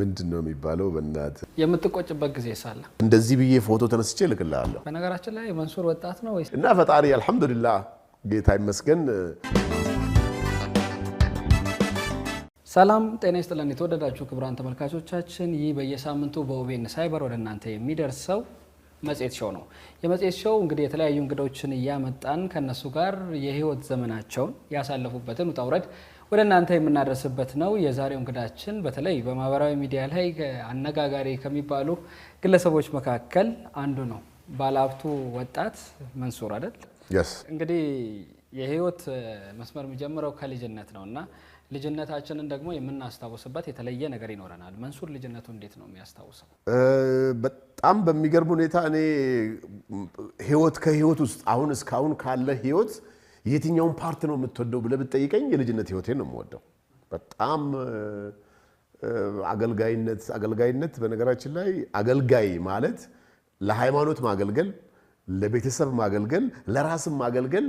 ምንድን ነው የሚባለው? በእናት የምትቆጭበት ጊዜ ሳለ እንደዚህ ብዬ ፎቶ ተነስቼ እልክልሃለሁ። በነገራችን ላይ መንሱር ወጣት ነው እና ፈጣሪ አልሐምዱሊላ ጌታ ይመስገን። ሰላም ጤና ይስጥልን። የተወደዳችሁ ክቡራን ተመልካቾቻችን ይህ በየሳምንቱ በኦቤን ሳይበር ወደ እናንተ የሚደርሰው መጽሔት ሾው ነው። የመጽሔት ሾው እንግዲህ የተለያዩ እንግዶችን እያመጣን ከእነሱ ጋር የህይወት ዘመናቸውን ያሳለፉበትን ውጣውረድ ውረድ ወደ እናንተ የምናደርስበት ነው። የዛሬው እንግዳችን በተለይ በማህበራዊ ሚዲያ ላይ አነጋጋሪ ከሚባሉ ግለሰቦች መካከል አንዱ ነው። ባለሀብቱ ወጣት መንሱር አይደል? እንግዲህ የህይወት መስመር የሚጀምረው ከልጅነት ነው እና ልጅነታችንን ደግሞ የምናስታውስበት የተለየ ነገር ይኖረናል። መንሱር ልጅነቱ እንዴት ነው የሚያስታውሰው? በጣም በሚገርም ሁኔታ እኔ ህይወት ከህይወት ውስጥ አሁን እስካሁን ካለ ህይወት የትኛውን ፓርት ነው የምትወደው ብለህ ብትጠይቀኝ የልጅነት ህይወቴን ነው የምወደው። በጣም አገልጋይነት አገልጋይነት በነገራችን ላይ አገልጋይ ማለት ለሃይማኖት ማገልገል፣ ለቤተሰብ ማገልገል፣ ለራስም ማገልገል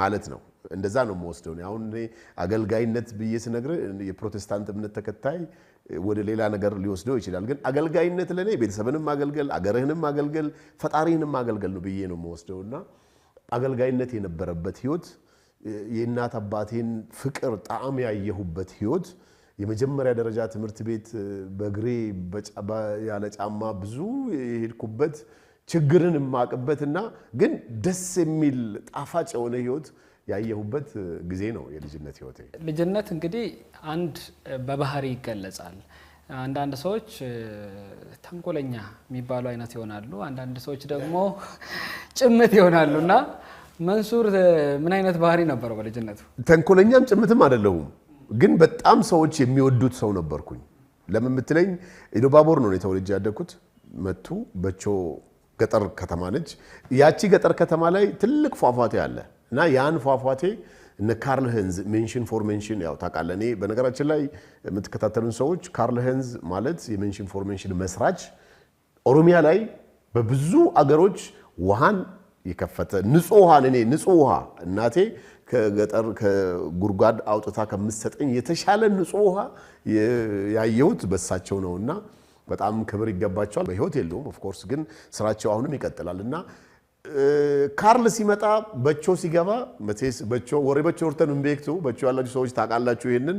ማለት ነው። እንደዛ ነው የምወስደው። አሁን አገልጋይነት ብዬ ስነግር የፕሮቴስታንት እምነት ተከታይ ወደ ሌላ ነገር ሊወስደው ይችላል። ግን አገልጋይነት ለእኔ ቤተሰብንም ማገልገል፣ አገርህንም ማገልገል፣ ፈጣሪህንም ማገልገል ነው ብዬ ነው የምወስደውና አገልጋይነት የነበረበት ህይወት የእናት አባቴን ፍቅር ጣዕም ያየሁበት ህይወት የመጀመሪያ ደረጃ ትምህርት ቤት በእግሬ ያለ ጫማ ብዙ የሄድኩበት ችግርን የማቅበት እና ግን ደስ የሚል ጣፋጭ የሆነ ህይወት ያየሁበት ጊዜ ነው የልጅነት ህይወት። ልጅነት እንግዲህ አንድ በባህሪ ይገለጻል። አንዳንድ ሰዎች ተንኮለኛ የሚባሉ አይነት ይሆናሉ። አንዳንድ ሰዎች ደግሞ ጭምት ይሆናሉ እና መንሱር ምን አይነት ባህሪ ነበረው በልጅነቱ? ተንኮለኛም ጭምትም አይደለሁም፣ ግን በጣም ሰዎች የሚወዱት ሰው ነበርኩኝ። ለምን ብትለኝ ኢሉባቦር ነው ተወልጄ ያደግኩት። መቱ በቾ ገጠር ከተማ ነች። ያቺ ገጠር ከተማ ላይ ትልቅ ፏፏቴ አለ እና ያን ፏፏቴ እነ ካርል ሄንዝ ሜንሽን ፎር ሜንሽን ያው ታውቃለህ። እኔ በነገራችን ላይ የምትከታተሉን ሰዎች ካርል ሄንዝ ማለት የሜንሽን ፎር ሜንሽን መስራች ኦሮሚያ ላይ በብዙ አገሮች ውሃን የከፈተ ንጹህ ውሃን እኔ ንጹህ ውሃ እናቴ ከገጠር ከጉድጓድ አውጥታ ከምትሰጠኝ የተሻለ ንጹህ ውሃ ያየሁት በሳቸው እና በጣም ክብር ይገባቸዋል። በህይወት የለውም ኦፍኮርስ፣ ግን ስራቸው አሁንም ይቀጥላል እና ካርል ሲመጣ በቾ ሲገባ መቼስ በቾ ወሬ በቾ ወርተን እምቤክቱ በቾ ያላችሁ ሰዎች ታውቃላችሁ። ይሄንን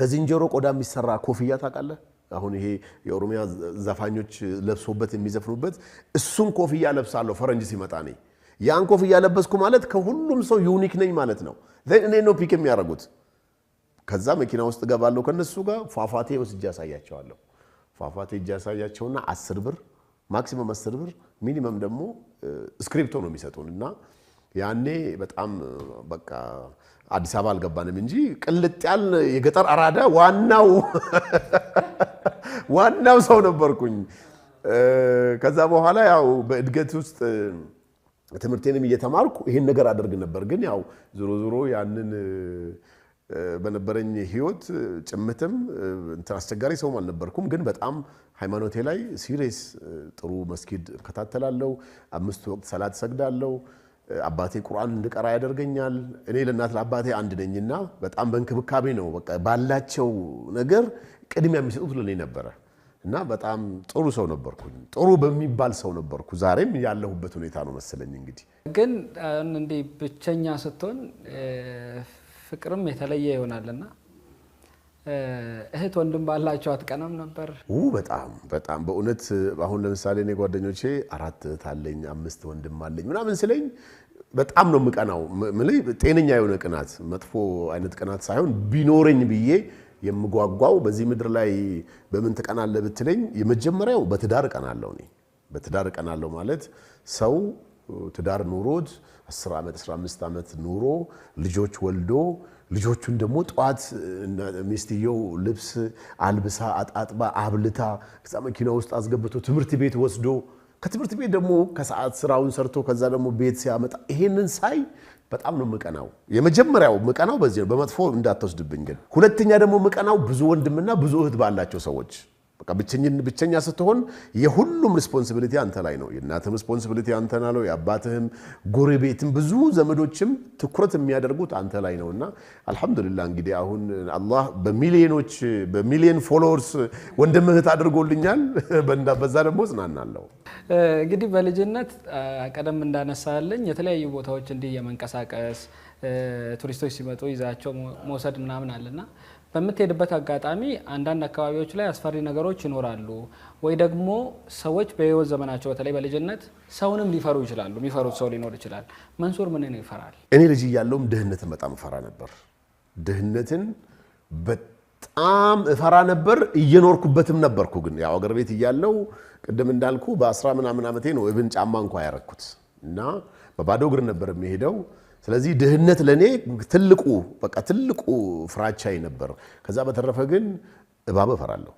ከዝንጀሮ ቆዳ የሚሰራ ኮፍያ ታውቃለህ? አሁን ይሄ የኦሮሚያ ዘፋኞች ለብሶበት የሚዘፍኑበት እሱን ኮፍያ ለብሳለሁ ፈረንጅ ሲመጣ ነኝ። ያን ኮፍያ ለበስኩ ማለት ከሁሉም ሰው ዩኒክ ነኝ ማለት ነው። እኔ ነው ፒክ የሚያደርጉት። ከዛ መኪና ውስጥ እገባለሁ ከነሱ ጋር ፏፏቴ ወስጄ አሳያቸዋለሁ። ፏፏቴ እጅ አሳያቸውና አስር ብር ማክሲመም አስር ብር ሚኒመም ደግሞ ስክሪፕቶ ነው የሚሰጡን እና ያኔ በጣም በቃ አዲስ አበባ አልገባንም እንጂ ቅልጥ ያል የገጠር አራዳ ዋናው ዋናው ሰው ነበርኩኝ። ከዛ በኋላ ያው በእድገት ውስጥ ትምህርቴንም እየተማርኩ ይህን ነገር አደርግ ነበር። ግን ያው ዞሮ ዞሮ ያንን በነበረኝ ህይወት ጭምትም እንትን አስቸጋሪ ሰውም አልነበርኩም። ግን በጣም ሃይማኖቴ ላይ ሲሪየስ ጥሩ መስጊድ እከታተላለሁ። አምስት ወቅት ሰላት ሰግዳለሁ። አባቴ ቁርአን እንድቀራ ያደርገኛል። እኔ ለእናት ለአባቴ አንድ ነኝና በጣም በእንክብካቤ ነው በቃ ባላቸው ነገር ቅድሚያ የሚሰጡት ለእኔ ነበረ እና በጣም ጥሩ ሰው ነበርኩኝ። ጥሩ በሚባል ሰው ነበርኩ። ዛሬም ያለሁበት ሁኔታ ነው መሰለኝ። እንግዲህ ግን እንዲህ ብቸኛ ስትሆን ፍቅርም የተለየ ይሆናልና እህት ወንድም ባላቸው አትቀናም ነበር? በጣም በጣም በእውነት አሁን ለምሳሌ እኔ ጓደኞቼ አራት እህት አለኝ አምስት ወንድም አለኝ ምናምን ስለኝ በጣም ነው የምቀናው። ጤነኛ የሆነ ቅናት፣ መጥፎ አይነት ቅናት ሳይሆን ቢኖረኝ ብዬ የምጓጓው በዚህ ምድር ላይ በምን ትቀናለህ ብትለኝ የመጀመሪያው በትዳር እቀናለሁ። እኔ በትዳር እቀናለሁ ማለት ሰው ትዳር ኑሮት 10 ዓመት 15 ዓመት ኑሮ ልጆች ወልዶ ልጆቹን ደግሞ ጠዋት ሚስትየው ልብስ አልብሳ አጣጥባ አብልታ ከዛ መኪና ውስጥ አስገብቶ ትምህርት ቤት ወስዶ ከትምህርት ቤት ደግሞ ከሰዓት ስራውን ሰርቶ ከዛ ደግሞ ቤት ሲያመጣ ይሄንን ሳይ በጣም ነው ምቀናው። የመጀመሪያው ምቀናው በዚህ ነው። በመጥፎ እንዳትወስድብኝ ግን። ሁለተኛ ደግሞ ምቀናው ብዙ ወንድምና ብዙ እህት ባላቸው ሰዎች በቃ ብቸኛ ስትሆን የሁሉም ሪስፖንሲቢሊቲ አንተ ላይ ነው። የእናትህም ሪስፖንሲቢሊቲ አንተ ናለው። የአባትህም፣ ጎረቤትም፣ ብዙ ዘመዶችም ትኩረት የሚያደርጉት አንተ ላይ ነው እና አልሐምዱሊላ እንግዲህ አሁን አላህ በሚሊዮኖች በሚሊዮን ፎሎወርስ ወንድም እህት አድርጎልኛል። በዛ ደግሞ እጽናናለሁ። እንግዲህ በልጅነት ቀደም እንዳነሳለኝ የተለያዩ ቦታዎች እንዲህ የመንቀሳቀስ ቱሪስቶች ሲመጡ ይዛቸው መውሰድ ምናምን አለና በምትሄድበት አጋጣሚ አንዳንድ አካባቢዎች ላይ አስፈሪ ነገሮች ይኖራሉ፣ ወይ ደግሞ ሰዎች በህይወት ዘመናቸው በተለይ በልጅነት ሰውንም ሊፈሩ ይችላሉ። የሚፈሩት ሰው ሊኖር ይችላል። መንሱር ነው ይፈራል? እኔ ልጅ እያለውም ድህነትን በጣም እፈራ ነበር። ድህነትን በጣም እፈራ ነበር፣ እየኖርኩበትም ነበርኩ። ግን ያው አገር ቤት እያለው ቅድም እንዳልኩ በአስራ ምናምን ዓመቴ ነው እብን ጫማ እንኳ ያረግኩት እና በባዶ እግር ነበር የሚሄደው ስለዚህ ድህነት ለእኔ ትልቁ በቃ ትልቁ ፍራቻ ነበር። ከዛ በተረፈ ግን እባብ እፈራለሁ።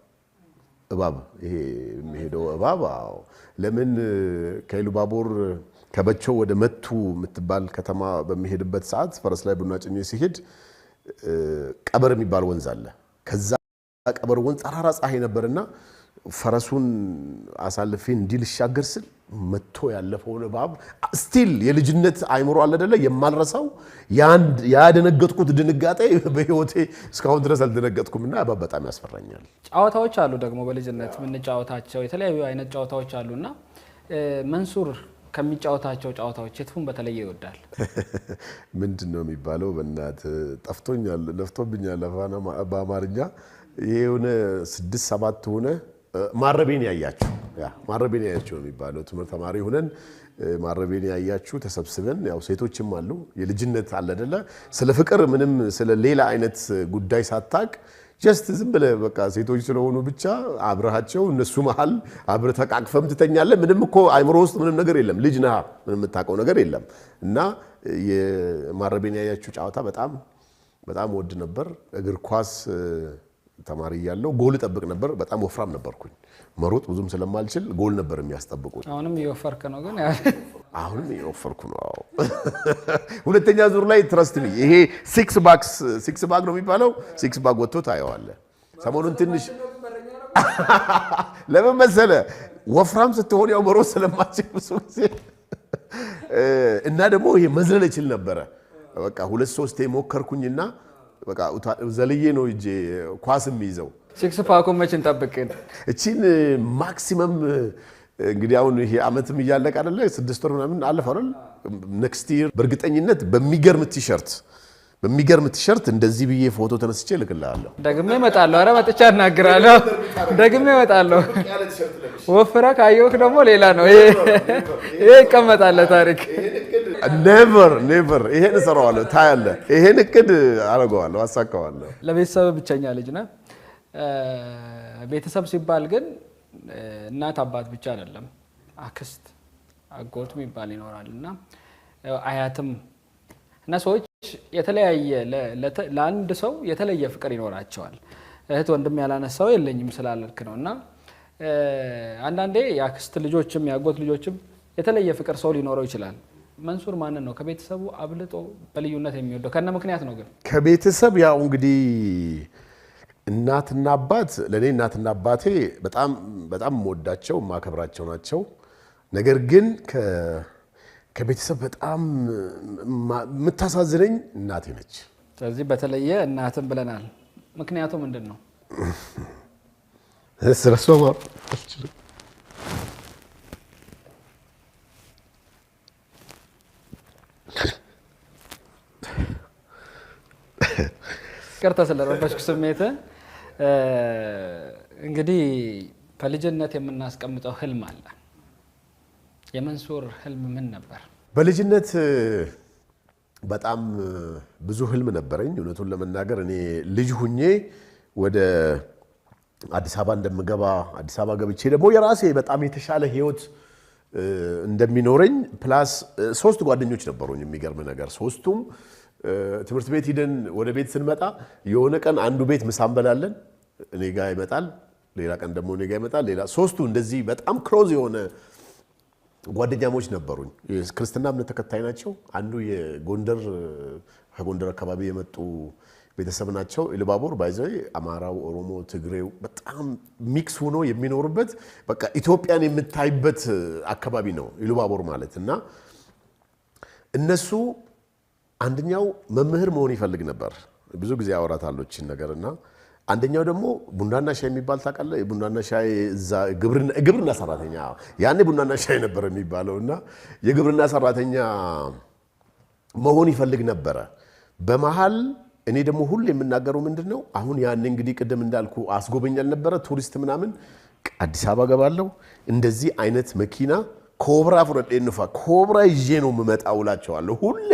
እባብ ይሄ የሚሄደው እባብ ለምን ከኢሉባቦር ከበቾ ወደ መቱ የምትባል ከተማ በሚሄድበት ሰዓት ፈረስ ላይ ቡና ጭኜ ሲሄድ ቀበር የሚባል ወንዝ አለ። ከዛ ቀበር ወንዝ ጠራራ ፀሐይ ነበርና ፈረሱን አሳልፌ እንዲህ ልሻገር ስል መጥቶ ያለፈው እባብ ስቲል የልጅነት አይምሮ አለደለ የማልረሳው ያደነገጥኩት ድንጋጤ በህይወቴ እስካሁን ድረስ አልደነገጥኩም። እና እባብ በጣም ያስፈራኛል። ጨዋታዎች አሉ ደግሞ በልጅነት የምንጫወታቸው የተለያዩ አይነት ጨዋታዎች እና መንሱር ከሚጫወታቸው ጨዋታዎች የትፉን በተለየ ይወዳል? ምንድን ነው የሚባለው? በእናት ጠፍቶኛል፣ ለፍቶብኛል። በአማርኛ የሆነ ስድስት ሰባት ሆነ ማረቤን ያያችሁ ማረቤን ያያችሁ ነው የሚባለው። ትምህርት ተማሪ ሆነን ማረቤን ያያችሁ ተሰብስበን፣ ያው ሴቶችም አሉ የልጅነት አለ አይደለ፣ ስለ ፍቅር ምንም ስለ ሌላ አይነት ጉዳይ ሳታቅ ጀስት ዝም ብለህ በቃ ሴቶች ስለሆኑ ብቻ አብረሃቸው እነሱ መሃል አብረህ ተቃቅፈም ትተኛለህ። ምንም እኮ አይምሮ ውስጥ ምንም ነገር የለም። ልጅ ነሃ፣ ምንም የምታውቀው ነገር የለም። እና የማረቤን ያያችሁ ጨዋታ በጣም በጣም ወድ ነበር እግር ኳስ ተማሪ እያለሁ ጎል እጠብቅ ነበር። በጣም ወፍራም ነበርኩኝ። መሮጥ ብዙም ስለማልችል ጎል ነበር የሚያስጠብቁት። አሁንም እየወፈርክ ነው ግን አሁንም እየወፈርኩ ነው። ሁለተኛ ዙር ላይ ትረስት ሚ ይሄ ሲክስ ባክስ ሲክስ ባክ ነው የሚባለው። ሲክስ ባክ ወጥቶ ታየዋለህ። ሰሞኑን ትንሽ ለምን መሰለ ወፍራም ስትሆን ያው መሮጥ ስለማልችል ብዙ ጊዜ እና ደግሞ ይሄ መዝለል እችል ነበረ። በቃ ሁለት ሶስቴ ሞከርኩኝና በቃ ዘልዬ ነው እጄ ኳስ የሚይዘው። ሲክስ ፓኮን መች እንጠብቅን? እቺን ማክሲመም እንግዲህ አሁን ይሄ ዓመትም እያለቀ አደለ፣ ስድስት ወር ምናምን አለፈ አይደል? ኔክስት ይር በእርግጠኝነት በሚገርም ቲሸርት በሚገርም ቲሸርት እንደዚህ ብዬ ፎቶ ተነስቼ እልክልሃለሁ። ደግሜ እመጣለሁ። ኧረ መጥቼ አናግራለሁ። ደግሜ እመጣለሁ። ወፍራ ካየሁህ ደግሞ ሌላ ነው። ይሄ ይቀመጣል ለታሪክ ኔቨር ኔቨር። ይሄን እሰራዋለሁ፣ ታያለህ። ይሄን እቅድ አደርገዋለሁ፣ አሳካዋለሁ። ለቤተሰብ ብቸኛ ልጅ ነህ። ቤተሰብ ሲባል ግን እናት አባት ብቻ አይደለም፣ አክስት አጎት የሚባል ይኖራል እና አያትም እና ሰዎች የተለያየ ለአንድ ሰው የተለየ ፍቅር ይኖራቸዋል። እህት ወንድም ያላነሳው የለኝም ስላልክ ነው እና አንዳንዴ የአክስት ልጆችም የአጎት ልጆችም የተለየ ፍቅር ሰው ሊኖረው ይችላል። መንሱር ማንን ነው ከቤተሰቡ አብልጦ በልዩነት የሚወደው? ከነ ምክንያት ነው ግን ከቤተሰብ ያው እንግዲህ እናትና አባት ለእኔ እናትና አባቴ በጣም በጣም የምወዳቸው የማከብራቸው ናቸው። ነገር ግን ከቤተሰብ በጣም የምታሳዝነኝ እናቴ ነች። ስለዚህ በተለየ እናትን ብለናል። ምክንያቱ ምንድን ነው? ስለሷ አልችልም። ቅርታ ስለረበሽኩ ስሜት እንግዲህ በልጅነት የምናስቀምጠው ህልም አለ። የመንሱር ህልም ምን ነበር? በልጅነት በጣም ብዙ ህልም ነበረኝ። እውነቱን ለመናገር እኔ ልጅ ሁኜ ወደ አዲስ አበባ እንደምገባ አዲስ አበባ ገብቼ ደግሞ የራሴ በጣም የተሻለ ህይወት እንደሚኖረኝ ፕላስ ሶስት ጓደኞች ነበሩኝ። የሚገርም ነገር ሶስቱም ትምህርት ቤት ሂደን ወደ ቤት ስንመጣ የሆነ ቀን አንዱ ቤት ምሳ እንበላለን፣ እኔ ጋ ይመጣል። ሌላ ቀን ደግሞ እኔ ጋ ይመጣል። ሌላ ሶስቱ እንደዚህ በጣም ክሎዝ የሆነ ጓደኛሞች ነበሩኝ። ክርስትና እምነት ተከታይ ናቸው። አንዱ የጎንደር ከጎንደር አካባቢ የመጡ ቤተሰብ ናቸው። ኢልባቦር ባይዘይ አማራው፣ ኦሮሞ፣ ትግሬው በጣም ሚክስ ሆኖ የሚኖርበት በቃ ኢትዮጵያን የምታይበት አካባቢ ነው ኢልባቦር ማለት እና እነሱ አንደኛው መምህር መሆን ይፈልግ ነበር። ብዙ ጊዜ አወራታለሁ ይህችን ነገር እና አንደኛው ደግሞ ቡናና ሻይ የሚባል ታውቃለህ? ቡናና ሻይ እዛ ግብርና ሰራተኛ ያኔ ቡናና ሻይ ነበር የሚባለው እና የግብርና ሰራተኛ መሆን ይፈልግ ነበረ። በመሀል እኔ ደግሞ ሁሉ የምናገረው ምንድን ነው አሁን ያን እንግዲህ ቅድም እንዳልኩ አስጎበኛል አልነበረ ቱሪስት ምናምን አዲስ አበባ ገባለሁ እንደዚህ አይነት መኪና ኮብራ ፍረዴ ንፋ ኮብራ ይዤ ነው የምመጣ ውላቸዋለሁ ሁሌ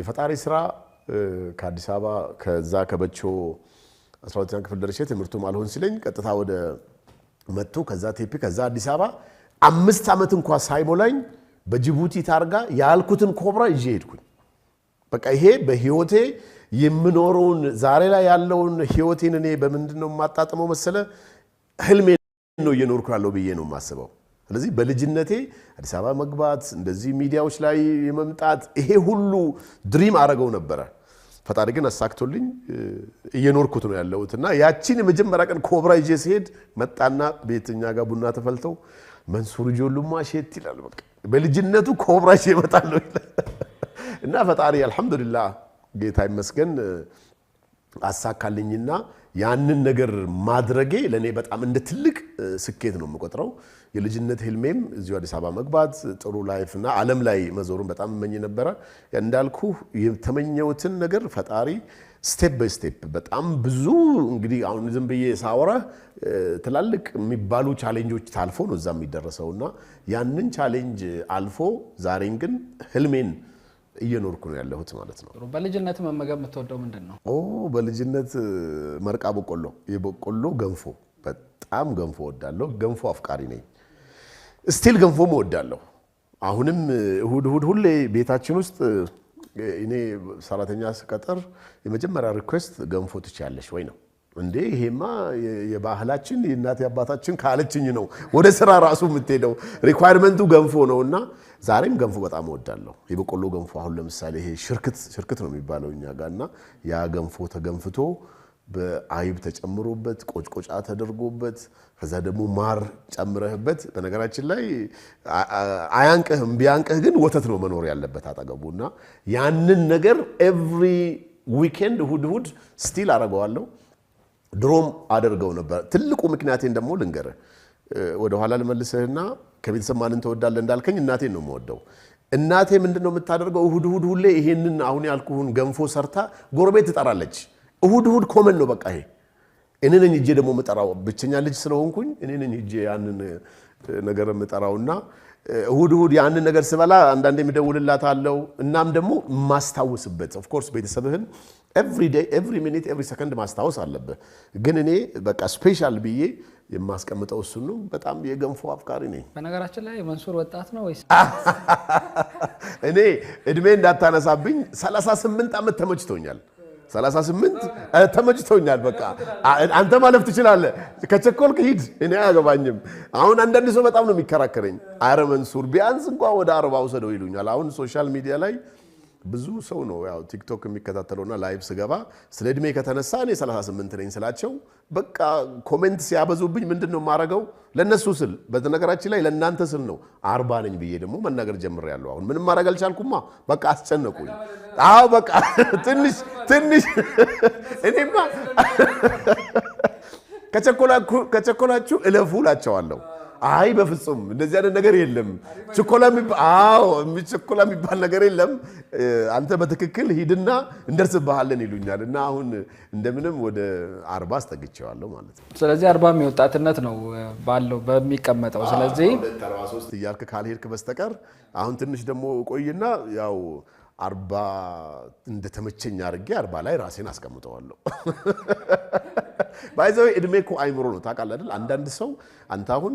የፈጣሪ ስራ ከአዲስ አበባ ከዛ ከበቾ 12ኛ ክፍል ደርሼ ትምህርቱም አልሆን ሲለኝ ቀጥታ ወደ መጥቶ ከዛ ቴፒ ከዛ አዲስ አበባ አምስት ዓመት እንኳ ሳይሞላኝ በጅቡቲ ታርጋ ያልኩትን ኮብራ ይዤ ሄድኩኝ። በቃ ይሄ በህይወቴ የምኖረውን ዛሬ ላይ ያለውን ህይወቴን እኔ በምንድን ነው የማጣጥመው መሰለ ህልሜ ነው እየኖርኩ ያለው ብዬ ነው የማስበው። ስለዚህ በልጅነቴ አዲስ አበባ መግባት፣ እንደዚህ ሚዲያዎች ላይ የመምጣት ይሄ ሁሉ ድሪም አረገው ነበረ። ፈጣሪ ግን አሳክቶልኝ እየኖርኩት ነው ያለሁት እና ያቺን የመጀመሪያ ቀን ኮብራ ይዤ ሲሄድ መጣና ቤትኛ ጋር ቡና ተፈልተው መንሱር ጆሉማ ሼት ይላል። በቃ በልጅነቱ ኮብራ ይዤ እመጣለሁ ይላል እና ፈጣሪ አልሐምዱሊላህ ጌታ ይመስገን አሳካልኝና ያንን ነገር ማድረጌ ለእኔ በጣም እንደ ትልቅ ስኬት ነው የምቆጥረው። የልጅነት ህልሜም እዚሁ አዲስ አበባ መግባት ጥሩ ላይፍ እና ዓለም ላይ መዞሩን በጣም እመኝ ነበረ። እንዳልኩ የተመኘሁትን ነገር ፈጣሪ ስቴፕ ባይ ስቴፕ በጣም ብዙ እንግዲህ አሁን ዝም ብዬ ሳወራ ትላልቅ የሚባሉ ቻሌንጆች ታልፎ ነው እዛ የሚደረሰው እና ያንን ቻሌንጅ አልፎ ዛሬን ግን ህልሜን እየኖርኩ ነው ያለሁት ማለት ነው። በልጅነት መመገብ የምትወደው ምንድን ነው? በልጅነት መርቃ በቆሎ፣ የበቆሎ ገንፎ በጣም ገንፎ ወዳለሁ። ገንፎ አፍቃሪ ነኝ። ስቲል ገንፎ እወዳለሁ። አሁንም እሁድ እሁድ ሁሌ ቤታችን ውስጥ እኔ ሰራተኛ ስቀጠር የመጀመሪያ ሪኩዌስት ገንፎ ትችያለሽ ወይ ነው። እንዴ ይሄማ የባህላችን የእናት አባታችን ካለችኝ ነው ወደ ስራ ራሱ የምትሄደው። ሪኳርመንቱ ገንፎ ነው እና ዛሬም ገንፎ በጣም እወዳለሁ። የበቆሎ ገንፎ አሁን ለምሳሌ ይሄ ሽርክት ሽርክት ነው የሚባለው እኛ ጋር እና ያ ገንፎ ተገንፍቶ በአይብ ተጨምሮበት ቆጭቆጫ ተደርጎበት ከዛ ደግሞ ማር ጨምረህበት። በነገራችን ላይ አያንቅህም። ቢያንቅህ ግን ወተት ነው መኖር ያለበት አጠገቡ እና ያንን ነገር ኤቭሪ ዊኬንድ እሁድ እሁድ ስቲል አደርገዋለሁ። ድሮም አደርገው ነበር። ትልቁ ምክንያቴን ደግሞ ልንገርህ፣ ወደኋላ ልመልስህና ከቤተሰብ ማንን ተወዳለ እንዳልከኝ እናቴን ነው የምወደው። እናቴ ምንድነው የምታደርገው? እሁድ እሁድ ሁሌ ይሄንን አሁን ያልኩህን ገንፎ ሰርታ ጎረቤት ትጠራለች። እሁድ እሁድ ኮመን ነው በቃ ይሄ እኔ ነኝ እጄ ደግሞ የምጠራው ብቸኛ ልጅ ስለሆንኩኝ እኔ ነኝ እጄ ያንን ነገር የምጠራውና እሁድ እሁድ ያንን ነገር ስበላ አንዳንዴ የሚደውልላት አለው። እናም ደግሞ ማስታወስበት ኦፍኮርስ ቤተሰብህን ኤቭሪ ሚኒት ኤቭሪ ሰከንድ ማስታወስ አለብህ። ግን እኔ በቃ ስፔሻል ብዬ የማስቀምጠው እሱን ነው። በጣም የገንፎ አፍቃሪ ነኝ። በነገራችን ላይ መንሱር ወጣት ነው ወይስ? እኔ እድሜ እንዳታነሳብኝ 38 ዓመት ተመችቶኛል። 38 ተመችቶኛል። በቃ አንተ ማለፍ ትችላለህ። ከቸኮልክ ሂድ፣ እኔ አያገባኝም። አሁን አንዳንድ ሰው በጣም ነው የሚከራከረኝ። አረመንሱር ቢያንስ እንኳ ወደ አርባ ውሰደው ይሉኛል። አሁን ሶሻል ሚዲያ ላይ ብዙ ሰው ነው ያው ቲክቶክ የሚከታተለውና ላይቭ ስገባ ስለ እድሜ ከተነሳ እኔ 38 ነኝ ስላቸው በቃ ኮሜንት ሲያበዙብኝ ምንድን ነው የማደርገው? ለእነሱ ስል በነገራችን ላይ ለእናንተ ስል ነው አርባ ነኝ ብዬ ደግሞ መናገር ጀምሬያለሁ። አሁን ምንም ማድረግ አልቻልኩማ። በቃ አስጨነቁኝ። አዎ በቃ ትንሽ ትንሽ እኔማ ከቸኮላችሁ እለፉ እላቸዋለሁ። አይ በፍጹም እንደዚህ አይነት ነገር የለም። ችኮላ ችኮላ የሚባል ነገር የለም። አንተ በትክክል ሂድና እንደርስብሃለን ይሉኛል። እና አሁን እንደምንም ወደ አርባ አስጠግቼዋለሁ ማለት ነው። ስለዚህ አርባም የወጣትነት ነው ባለው በሚቀመጠው። ስለዚህ አርባ እያልክ ካልሄድክ በስተቀር አሁን ትንሽ ደግሞ ቆይና ያው አርባ እንደተመቸኝ አድርጌ አርባ ላይ ራሴን አስቀምጠዋለሁ። ባይዘ እድሜ እኮ አይምሮ ነው ታውቃለህ አይደል? አንዳንድ ሰው አንተ አሁን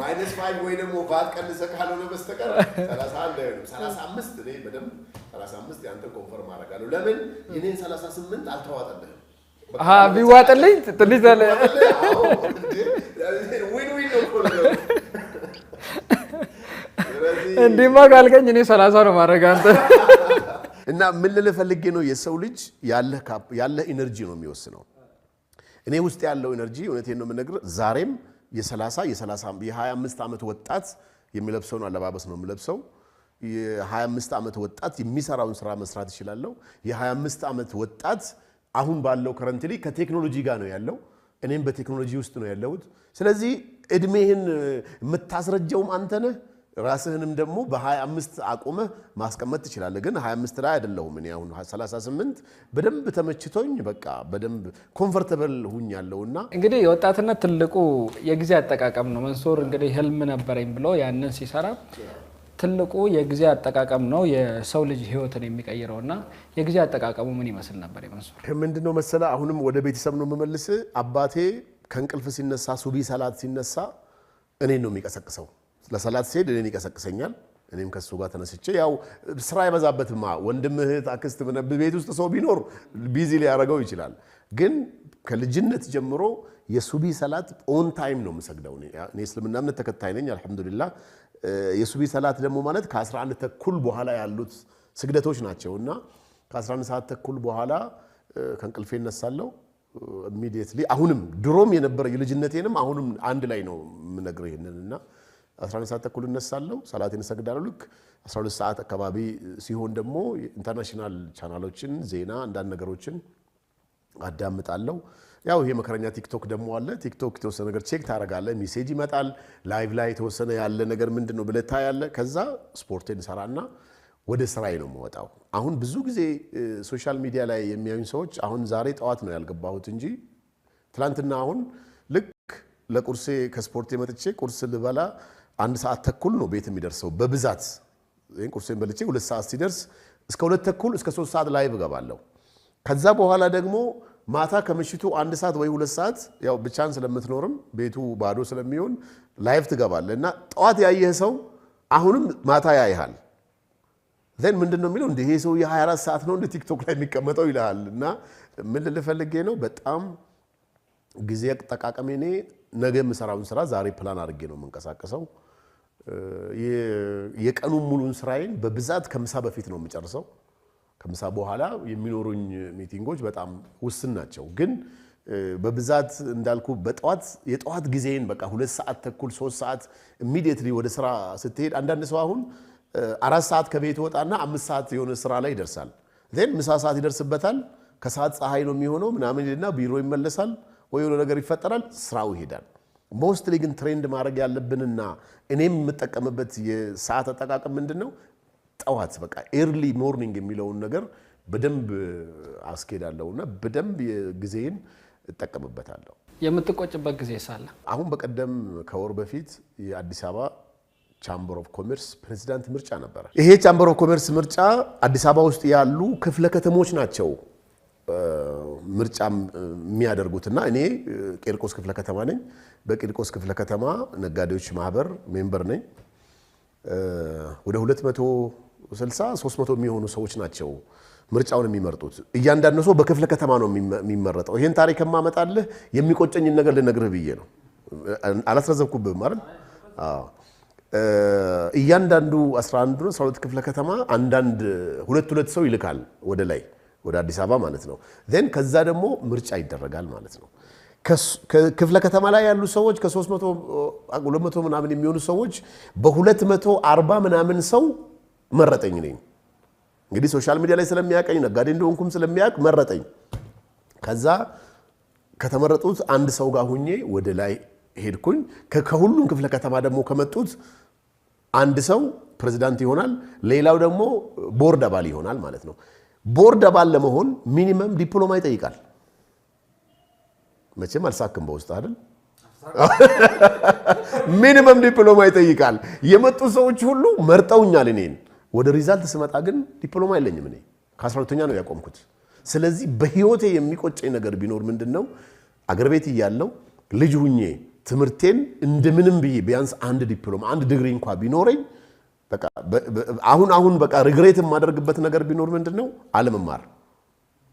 ማይነስ ፋይቭ ወይ ደግሞ ቫት ቀንሰ ካልሆነ በስተቀር ሰላሳ አንድ አይሆንም። ሰላሳ አምስት እኔ በደንብ ሰላሳ አምስት ያንተን ኮንፈርም አደርጋለሁ። ለምን እኔን ሰላሳ ስምንት አልተዋጠልህም። ቢዋጥልኝ ትንሽ ዘለ ነው ካልከኝ እኔ ሰላሳ ነው ማድረግ አንተ እና ምን ልልህ ፈልጌ ነው፣ የሰው ልጅ ያለህ ኢነርጂ ነው የሚወስነው። እኔ ውስጥ ያለው ኢነርጂ እውነቴን ነው የምነግርህ ዛሬም የ30 የ 25 ዓመት ወጣት የሚለብሰውን አለባበስ ነው የምለብሰው። የ25 ዓመት ወጣት የሚሰራውን ስራ መስራት እችላለሁ። የ25 ዓመት ወጣት አሁን ባለው ከረንትሊ ከቴክኖሎጂ ጋር ነው ያለው። እኔም በቴክኖሎጂ ውስጥ ነው ያለሁት። ስለዚህ እድሜህን የምታስረጀውም አንተ ነህ። ራስህንም ደግሞ በ25 አቁመህ ማስቀመጥ ትችላለህ። ግን 25 ላይ አይደለሁም እኔ አሁን 38 በደንብ ተመችቶኝ በቃ በደንብ ኮንፈርተብል ሁኝ ያለውና እንግዲህ የወጣትነት ትልቁ የጊዜ አጠቃቀም ነው። መንሱር እንግዲህ ህልም ነበረኝ ብሎ ያንን ሲሰራ ትልቁ የጊዜ አጠቃቀም ነው የሰው ልጅ ህይወትን የሚቀይረው። እና የጊዜ አጠቃቀሙ ምን ይመስል ነበር መንሱር? ምንድን ነው መሰለ፣ አሁንም ወደ ቤተሰብ ነው የምመልስ። አባቴ ከእንቅልፍ ሲነሳ ሱቢ ሰላት ሲነሳ እኔን ነው የሚቀሰቅሰው ለሰላት ሲሄድ እኔን ይቀሰቅሰኛል። እኔም ከሱ ጋር ተነስቼ ያው ስራ አይበዛበትማ ወንድም እህት፣ አክስት ቤት ውስጥ ሰው ቢኖር ቢዚ ሊያደርገው ይችላል። ግን ከልጅነት ጀምሮ የሱቢ ሰላት ኦን ታይም ነው የምሰግደው። እኔ እስልምና እምነት ተከታይ ነኝ አልሐምዱሊላህ። የሱቢ ሰላት ደግሞ ማለት ከ11 ተኩል በኋላ ያሉት ስግደቶች ናቸው እና ከ11 ሰዓት ተኩል በኋላ ከእንቅልፌ እነሳለሁ ኢሚዲየትሊ። አሁንም ድሮም የነበረ የልጅነቴንም አሁንም አንድ ላይ ነው የምነግርህ ይህንን እና 11 ሰዓት ተኩል እነሳለሁ፣ ሰላቴን እሰግዳለሁ። ልክ 12 ሰዓት አካባቢ ሲሆን ደግሞ ኢንተርናሽናል ቻናሎችን ዜና፣ አንዳንድ ነገሮችን አዳምጣለሁ። ያው ይሄ መከረኛ ቲክቶክ ደግሞ አለ። ቲክቶክ የተወሰነ ነገር ቼክ ታደርጋለህ፣ ሜሴጅ ይመጣል። ላይቭ ላይ የተወሰነ ያለ ነገር ምንድን ነው ብለህ ታያለህ። ከዛ ስፖርቴን ሰራና ወደ ስራዬ ነው የምወጣው። አሁን ብዙ ጊዜ ሶሻል ሚዲያ ላይ የሚያዩኝ ሰዎች አሁን ዛሬ ጠዋት ነው ያልገባሁት እንጂ ትላንትና አሁን ልክ ለቁርሴ ከስፖርት መጥቼ ቁርስ ልበላ አንድ ሰዓት ተኩል ነው ቤት የሚደርሰው በብዛት ይህን ቁርሴን በልቼ ሁለት ሰዓት ሲደርስ እስከ ሁለት ተኩል እስከ ሶስት ሰዓት ላይቭ እገባለሁ። ከዛ በኋላ ደግሞ ማታ ከምሽቱ አንድ ሰዓት ወይ ሁለት ሰዓት ያው ብቻን ስለምትኖርም ቤቱ ባዶ ስለሚሆን ላይቭ ትገባለ እና ጠዋት ያየህ ሰው አሁንም ማታ ያይሃል። ዘን ምንድን ነው የሚለው እንዲህ ሰው የ24 ሰዓት ነው እንደ ቲክቶክ ላይ የሚቀመጠው ይልሃል። እና ምን ልልህ ነው በጣም ጊዜ አጠቃቀሜ እኔ ነገ የምሰራውን ስራ ዛሬ ፕላን አድርጌ ነው የምንቀሳቀሰው። የቀኑን ሙሉን ስራዬን በብዛት ከምሳ በፊት ነው የምጨርሰው። ከምሳ በኋላ የሚኖሩኝ ሚቲንጎች በጣም ውስን ናቸው። ግን በብዛት እንዳልኩ በጠዋት የጠዋት ጊዜን በቃ ሁለት ሰዓት ተኩል ሶስት ሰዓት ኢሚዲየትሊ ወደ ስራ ስትሄድ፣ አንዳንድ ሰው አሁን አራት ሰዓት ከቤት ወጣና አምስት ሰዓት የሆነ ስራ ላይ ይደርሳል። ዜን ምሳ ሰዓት ይደርስበታል። ከሰዓት ፀሐይ ነው የሚሆነው ምናምን ና ቢሮ ይመለሳል ወይ የሆነ ነገር ይፈጠራል፣ ስራው ይሄዳል። ሞስትሊ ግን ትሬንድ ማድረግ ያለብንና እኔም የምጠቀምበት የሰዓት አጠቃቀም ምንድን ነው? ጠዋት በቃ ኤርሊ ሞርኒንግ የሚለውን ነገር በደንብ አስኬዳለሁ እና በደንብ ጊዜን እጠቀምበታለሁ። የምትቆጭበት ጊዜ ሳለ አሁን በቀደም ከወር በፊት የአዲስ አበባ ቻምበር ኦፍ ኮሜርስ ፕሬዚዳንት ምርጫ ነበረ። ይሄ ቻምበር ኦፍ ኮሜርስ ምርጫ አዲስ አበባ ውስጥ ያሉ ክፍለ ከተሞች ናቸው ምርጫ የሚያደርጉትና እኔ ቂርቆስ ክፍለ ከተማ ነኝ። በቂርቆስ ክፍለ ከተማ ነጋዴዎች ማህበር ሜምበር ነኝ። ወደ 260 300 የሚሆኑ ሰዎች ናቸው ምርጫውን የሚመርጡት። እያንዳንዱ ሰው በክፍለ ከተማ ነው የሚመረጠው። ይህን ታሪክ ከማመጣልህ የሚቆጨኝን ነገር ልነግርህ ብዬ ነው። አላስረዘብኩብህም አይደል? እያንዳንዱ 11 12 ክፍለ ከተማ አንዳንድ ሁለት ሁለት ሰው ይልካል ወደ ላይ ወደ አዲስ አበባ ማለት ነው። ዜን ከዛ ደግሞ ምርጫ ይደረጋል ማለት ነው። ክፍለ ከተማ ላይ ያሉ ሰዎች ከ200 ምናምን የሚሆኑ ሰዎች በ240 ምናምን ሰው መረጠኝ ነኝ እንግዲህ ሶሻል ሚዲያ ላይ ስለሚያቀኝ ነጋዴ እንደሆንኩም ስለሚያውቅ መረጠኝ። ከዛ ከተመረጡት አንድ ሰው ጋር ሁኜ ወደ ላይ ሄድኩኝ። ከሁሉም ክፍለ ከተማ ደግሞ ከመጡት አንድ ሰው ፕሬዚዳንት ይሆናል፣ ሌላው ደግሞ ቦርድ አባል ይሆናል ማለት ነው። ቦርድ አባል ለመሆን ሚኒመም ዲፕሎማ ይጠይቃል። መቼም አልሳክም በውስጥ አይደል? ሚኒመም ዲፕሎማ ይጠይቃል። የመጡ ሰዎች ሁሉ መርጠውኛል እኔን። ወደ ሪዛልት ስመጣ ግን ዲፕሎማ የለኝም እኔ ከአስራ ሁለተኛ ነው ያቆምኩት። ስለዚህ በህይወቴ የሚቆጨኝ ነገር ቢኖር ምንድን ነው አገር ቤት እያለው ልጅ ሁኜ ትምህርቴን እንደምንም ብዬ ቢያንስ አንድ ዲፕሎማ አንድ ድግሪ እንኳ ቢኖረኝ አሁን አሁን በቃ ሪግሬት የማደርግበት ነገር ቢኖር ምንድን ነው አለመማር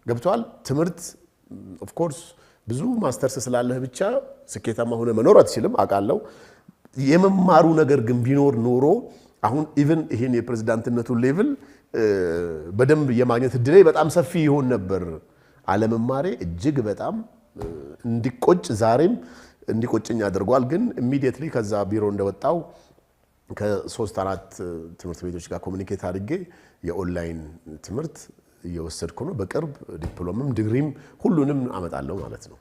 ገብቷል። ትምህርት ኦፍኮርስ ብዙ ማስተርስ ስላለህ ብቻ ስኬታማ ሆነ መኖር አትችልም አውቃለሁ። የመማሩ ነገር ግን ቢኖር ኖሮ አሁን ኢቨን ይህን የፕሬዝዳንትነቱን ሌቭል በደንብ የማግኘት እድሌ በጣም ሰፊ ይሆን ነበር። አለመማሬ እጅግ በጣም እንዲቆጭ ዛሬም እንዲቆጭኝ አድርጓል። ግን ኢሚዲየትሊ ከዛ ቢሮ እንደወጣው ከሶስት አራት ትምህርት ቤቶች ጋር ኮሚኒኬት አድርጌ የኦንላይን ትምህርት እየወሰድኩ ነው። በቅርብ ዲፕሎምም ድግሪም ሁሉንም አመጣለሁ ማለት ነው።